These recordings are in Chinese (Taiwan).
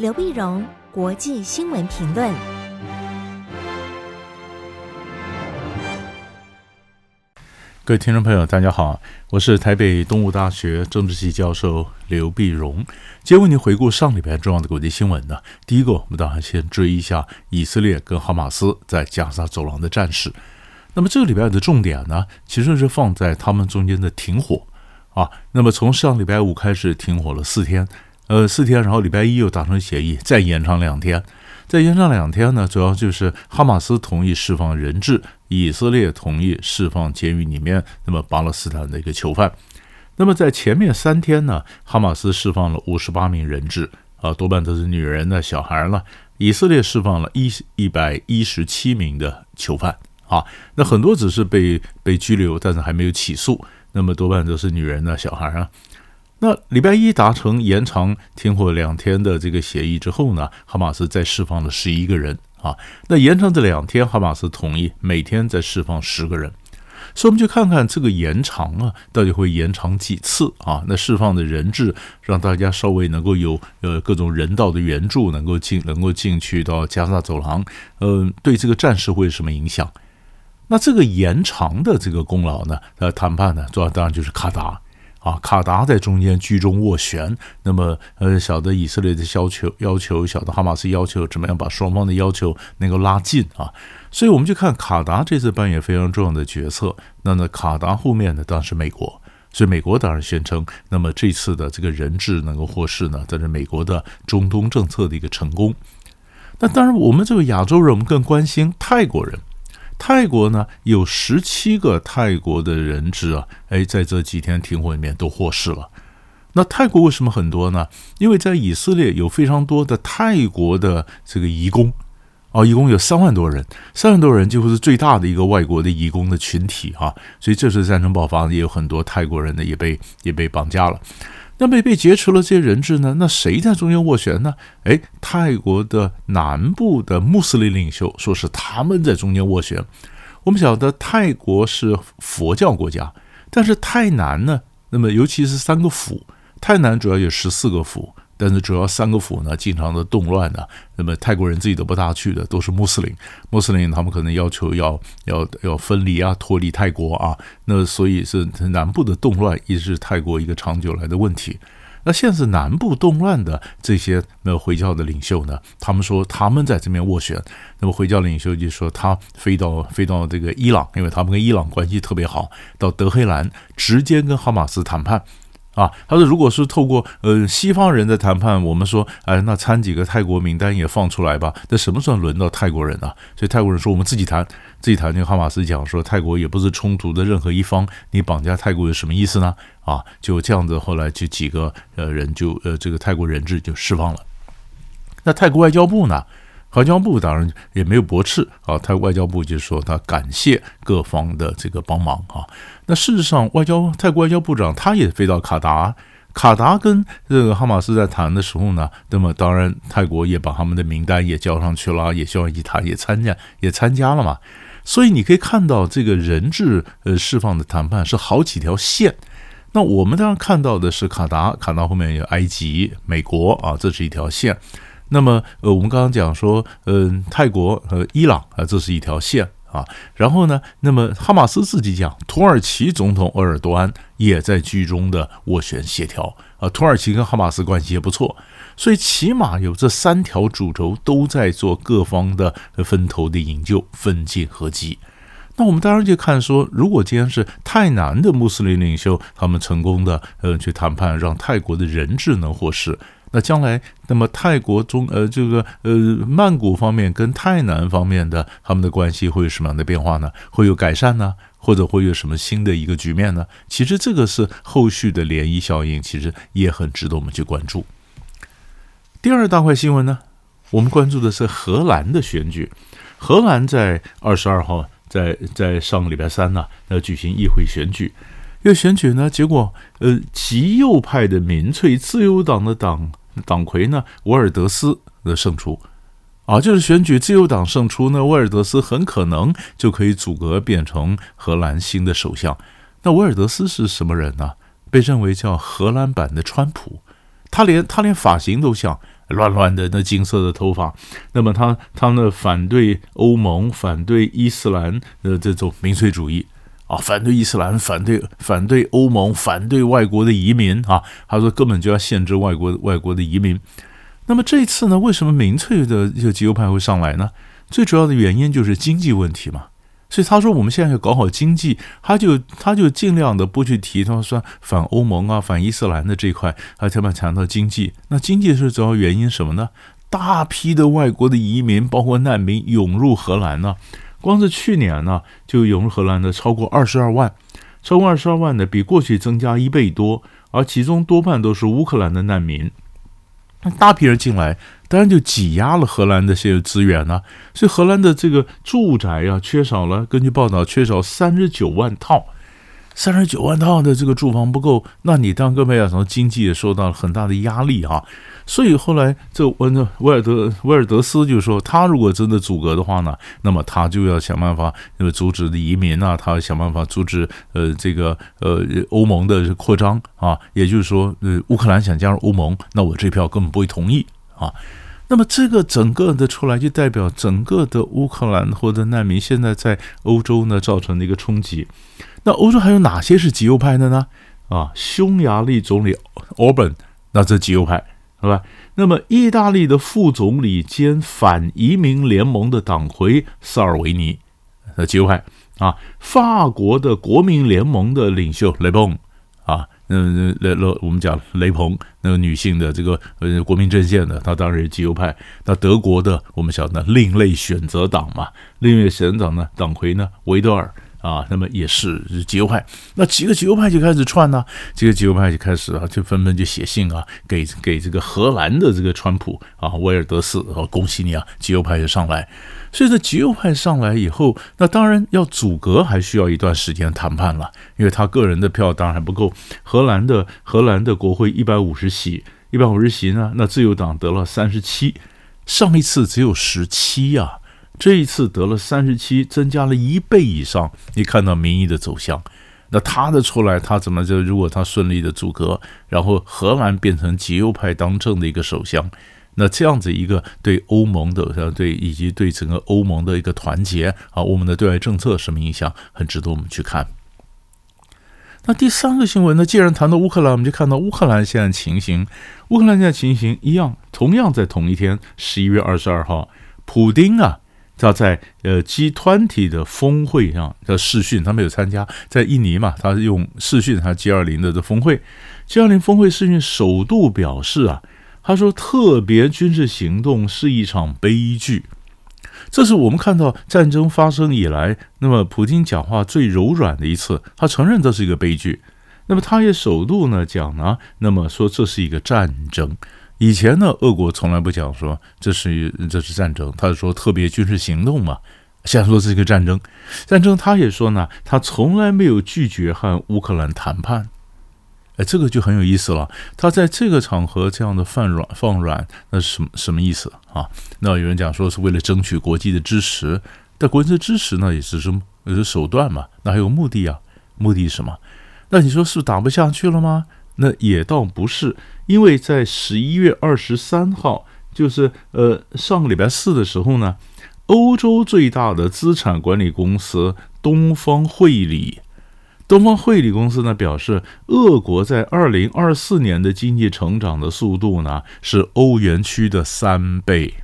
劉必榮，國際新聞評論。各位聽眾朋友，大家好，我是台北東吳大學政治系教授劉必榮。今天為您回顧上禮拜重要的國際新聞呢，第一個我們當然先追一下以色列跟哈馬斯在加沙走廊的戰事。那麼這個禮拜的重點呢，其實是放在他們中間的停火啊。那麼從上禮拜五開始停火了四天。呃，四天，然後禮拜一又達成協議，再延長兩天，再延長兩天呢，主要就是哈馬斯同意釋放人質，以色列同意釋放監獄裡面那麼巴勒斯坦的一個囚犯。那麼在前面三天呢，哈馬斯釋放了五十八名人質啊，多半都是女人的小孩了。以色列釋放了一一百一十七名的囚犯啊，那很多只是被被拘留，但是還沒有起訴，那麼多半都是女人的小孩啊。那禮拜一達成延長停火兩天的這個協議之後呢，哈馬斯再釋放了十一個人啊。那延長這兩天，哈馬斯同意每天再釋放十個人，所以我們就看看這個延長啊到底會延長幾次啊？那釋放的人質讓大家稍微能夠有呃各種人道的援助，能夠進能夠進去到加薩走廊，嗯、呃，對這個戰事會有什麼影響？那這個延長的這個功勞呢？呃，談判呢，主要當然就是卡達。啊，卡達在中間居中斡旋，那麼，呃，曉得以色列的要求，要求曉得哈馬斯要求，怎麼樣把雙方的要求能夠拉近啊？所以我們就看卡達這次扮演非常重要的角色。那那卡達後面呢，當然是美國，所以美國當然宣稱，那麼這次的這個人質能夠獲釋呢，這是美國的中東政策的一個成功。那當然，我們作為亞洲人，我們更關心泰國人。泰國呢，有十七個泰國的人質啊，哎，在這幾天停火裡面都獲釋了。那泰國為什麼很多呢？因為在以色列有非常多的泰國的這個移工啊，一、哦、共有三萬多人，三萬多人幾乎是最大的一個外國的移工的群體哈、啊。所以這次戰爭爆發，也有很多泰國人呢也被也被綁架了。那被被劫持了這些人質呢，那誰在中間斡旋呢？哎，泰國的南部的穆斯林領袖說是他們在中間斡旋。我們曉得泰國是佛教國家，但是泰南呢，那麼尤其是三個府，泰南主要有十四個府，但是主要三個府呢，經常的動亂呢，啊，那麼泰國人自己都不大去的，都是穆斯林，穆斯林他們可能要求要要要分離啊，脫離泰國啊，那所以是南部的動亂一直是泰國一個長久來的問題。那現在是南部動亂的這些那個回教的領袖呢，他們說他們在這邊斡旋，那麼回教領袖就說他飛到飛到這個伊朗，因為他們跟伊朗關係特別好，到德黑蘭直接跟哈馬斯談判。啊，他說，如果是透過呃西方人的談判，我們說，哎，那參幾個泰國名單也放出來吧。那什麼時候輪到泰國人呢？所以泰國人說，我們自己談，自己談。這個哈馬斯講說，泰國也不是衝突的任何一方，你綁架泰國有什麼意思呢？啊，就這樣子，後來就幾個呃人就呃這個泰國人質就釋放了。那泰國外交部呢？外交部當然也沒有駁斥啊，泰國外交部就說他感謝各方的這個幫忙啊。那事實上，外交泰國外交部長他也飛到卡達，卡達跟這個哈馬斯在談的時候呢，那麼當然泰國也把他們的名單也交上去了，也希望一起談也參加也參加了嘛。所以你可以看到，這個人質呃釋放的談判是好幾條線。那我們當然看到的是卡達，卡達後面有埃及、美國啊，這是一條線。那麼，呃，我們剛剛講說，嗯、呃，泰國和伊朗啊、呃，這是一條線啊。然後呢，那麼哈馬斯自己講，土耳其總統埃爾多安也在居中的斡旋協調啊。土耳其跟哈馬斯關係也不錯，所以起碼有這三條主軸都在做各方的分頭的營救、分進、合擊。那我們當然就看說，如果今天是泰南的穆斯林領袖，他們成功的，嗯、呃，去談判，讓泰國的人質能獲釋。那將來，那麼泰國中呃這個呃曼谷方面跟泰南方面的他們的關係會有什麼樣的變化呢？會有改善呢，或者會有什麼新的一個局面呢？其實這個是後續的漣漪效應，其實也很值得我們去關注。第二大塊新聞呢，我們關注的是荷蘭的選舉。荷蘭在二十二號，在在上個禮拜三呢，要舉行議會選舉。要選舉呢，結果呃極右派的民粹自由黨的黨。黨魁呢，維爾德斯的勝出，啊，就是選舉自由黨勝出呢，那維爾德斯很可能就可以組閣，變成荷蘭新的首相。那維爾德斯是什麼人呢？被認為叫荷蘭版的川普，他連他連髮型都像亂亂的那金色的頭髮。那麼他他呢反對歐盟，反對伊斯蘭的這種民粹主義。啊，反對伊斯蘭，反對反對歐盟，反對外國的移民啊！他說，根本就要限制外國外國的移民。那麼這一次呢，為什麼民粹的右極右派會上來呢？最主要的原因就是經濟問題嘛。所以他說，我們現在要搞好經濟，他就他就盡量的不去提到說反歐盟啊、反伊斯蘭的這一塊，他前面談到經濟。那經濟是主要原因什麼呢？大批的外國的移民，包括難民湧入荷蘭呢、啊。光是去年呢，就湧入荷蘭的超過二十二萬，超過二十二萬的比過去增加一倍多，而其中多半都是烏克蘭的難民。那大批人進來，當然就擠壓了荷蘭的這些資源呢、啊。所以荷蘭的這個住宅啊，缺少了，根據報道缺少三十九萬套，三十九萬套的這個住房不夠，那你當各位要從經濟也受到了很大的壓力啊。所以後來這溫威爾德威爾德斯就是說，他如果真的組閣的話呢，那麼他就要想辦法呃阻止移民啊，他想辦法阻止呃這個呃歐盟的擴張啊，也就是說呃烏克蘭想加入歐盟，那我這票根本不會同意啊。那麼這個整個的出來就代表整個的烏克蘭或者難民現在在歐洲呢造成的一個衝擊。那歐洲還有哪些是極右派的呢？啊，匈牙利總理歐本那這極右派。是吧？那麼意大利的副總理兼反移民聯盟的黨魁薩爾維尼，呃，極右派啊；法國的國民聯盟的領袖雷蓬啊，那那那，那我們講雷蓬，那個女性的這個呃國民陣線的，她當然是極右派。那德國的我們講的另類選擇黨嘛，另類選擇黨呢，黨魁呢維多爾。啊，那麼也是極右派，那幾個極右派就開始串呢、啊，幾個極右派就開始啊，就紛紛就寫信啊，給給這個荷蘭的這個川普啊，威爾德斯啊，恭喜你啊，極右派就上來。所以這極右派上來以後，那當然要組閣，還需要一段時間談判了，因為他個人的票當然還不夠。荷蘭的荷蘭的國會一百五十席，一百五十席呢，那自由黨得了三十七，上一次只有十七呀。這一次得了三十七，增加了一倍以上，你看到民意的走向。那他的出來，他怎麼就，如果他順利的組閣，然後荷蘭變成極右派當政的一個首相，那這樣子一個對歐盟的像，對以及對整個歐盟的一個團結啊，歐盟的對外政策什麼影響，很值得我們去看。那第三個新聞呢？既然談到烏克蘭，我們就看到烏克蘭現在情形。烏克蘭現在情形一樣，同樣在同一天，十一月二十二號，普丁啊。他在呃 G20 的峰會上，的視訊，他沒有參加，在印尼嘛，他用視訊，他 G20 的這峰會，G20 峰會視訊，首度表示啊，他說特別軍事行動是一場悲劇，這是我們看到戰爭發生以來，那麼普京講話最柔軟的一次，他承認這是一個悲劇，那麼他也首度呢講呢，那麼說這是一個戰爭。以前呢，俄國從來不講說這是這是戰爭，他說特別軍事行動嘛，先說這個戰爭，戰爭他也說呢，他從來沒有拒絕和烏克蘭談判，哎，這個就很有意思了。他在這個場合這樣的放軟放軟，那是什麼什麼意思啊？那有人講說是為了爭取國際的支持，但國際的支持呢也只是手段嘛，那還有目的啊？目的是什麼？那你說是不是打不下去了嗎？那也倒不是，因為在十一月二十三號，就是呃上個禮拜四的時候呢，歐洲最大的資產管理公司東方匯理，東方匯理公司呢表示，俄國在二零二四年的經濟成長的速度呢是歐元區的三倍，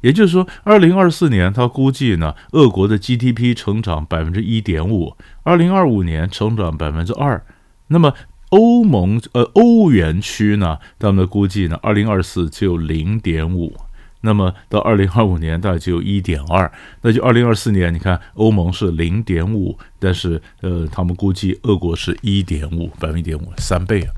也就是說，二零二四年它估計呢俄國的 GDP 成長百分之一點五，二零二五年成長百分之二，那麼，歐盟呃，歐元區呢，他們的估計呢，二零二四只有零點五，那麼到二零二五年大概只有一點二，那就二零二四年，你看歐盟是零點五，但是呃，他們估計俄國是一點五，百分之一點五，三倍啊，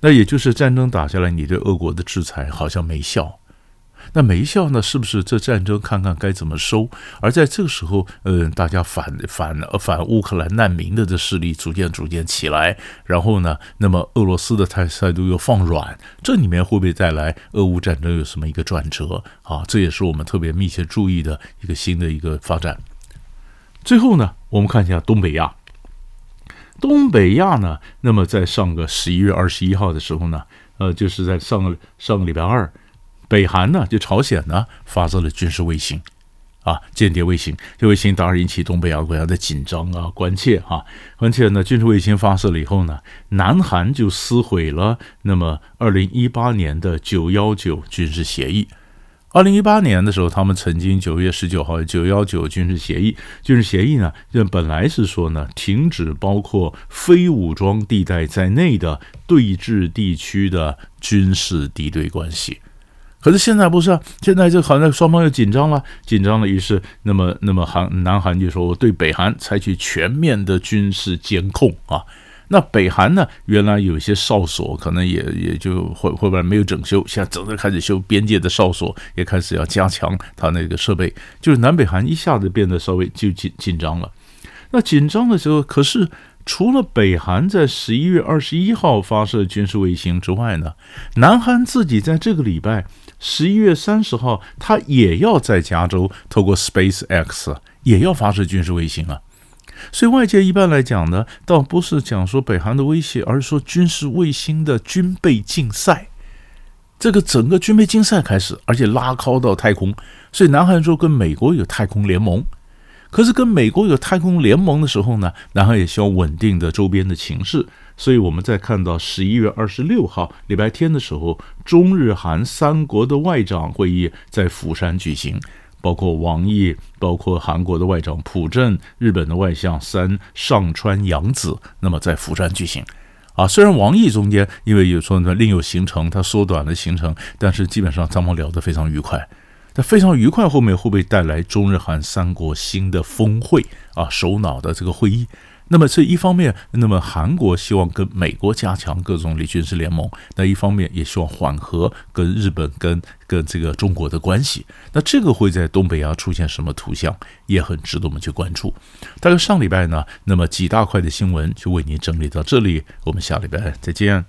那也就是戰爭打下來，你對俄國的制裁好像沒效。那沒效呢？是不是這戰爭看看該怎麼收？而在這個時候，呃，大家反反反烏克蘭難民的這勢力逐漸逐漸起來，然後呢，那麼俄羅斯的態態度又放軟，這裡面會不會帶來俄烏戰爭有什麼一個轉折？啊，這也是我們特別密切注意的一個新的一個發展。最後呢，我們看一下東北亞。東北亞呢，那麼在上個十一月二十一號的時候呢，呃，就是在上個上個禮拜二。北韓呢，就朝鮮呢，發射了軍事衛星，啊，間諜衛星。這衛星當然引起東北亞國家的緊張啊、關切啊。關切呢，軍事衛星發射了以後呢，南韓就撕毀了那麼二零一八年的九幺九軍事協議。二零一八年的時候，他們曾經九月十九號九幺九軍事協議，軍事協議呢，這本來是說呢，停止包括非武裝地帶在內的對峙地區的軍事敵對關係。可是現在不是啊，現在就好像雙方又緊張了，緊張了。於是，那麼那麼韓南韓就說，我對北韓採取全面的軍事監控啊。那北韓呢，原來有些哨所可能也也就會後邊沒有整修，現在正在開始修邊界的哨所，也開始要加強它那個設備。就是南北韓一下子變得稍微就緊緊張了。那緊張的時候，可是除了北韓在十一月二十一號發射軍事衛星之外呢，南韓自己在這個禮拜。十一月三十號，他也要在加州透過 SpaceX 也要發射軍事衛星啊，所以外界一般來講呢，倒不是講說北韓的威脅，而是說軍事衛星的軍備競賽，這個整個軍備競賽開始，而且拉高到太空，所以南韓說跟美國有太空聯盟。可是跟美國有太空聯盟的時候呢，南海也需要穩定的周邊的情勢，所以我們在看到十一月二十六號禮拜天的時候，中日韓三國的外長會議在釜山舉行，包括王毅，包括韓國的外長朴振，日本的外相三上川陽子，那麼在釜山舉行，啊，雖然王毅中間因為有說呢另有行程，他縮短了行程，但是基本上雙方聊得非常愉快。在非常愉快，後面會不會帶來中日韓三國新的峰會啊？首腦的這個會議。那麼這一方面，那麼韓國希望跟美國加強各種軍事聯盟，那一方面也希望緩和跟日本跟跟這個中國的關係。那這個會在東北亞出現什麼圖像，也很值得我們去關注。但是上禮拜呢，那麼幾大塊的新聞就為您整理到這裡，我們下禮拜再見。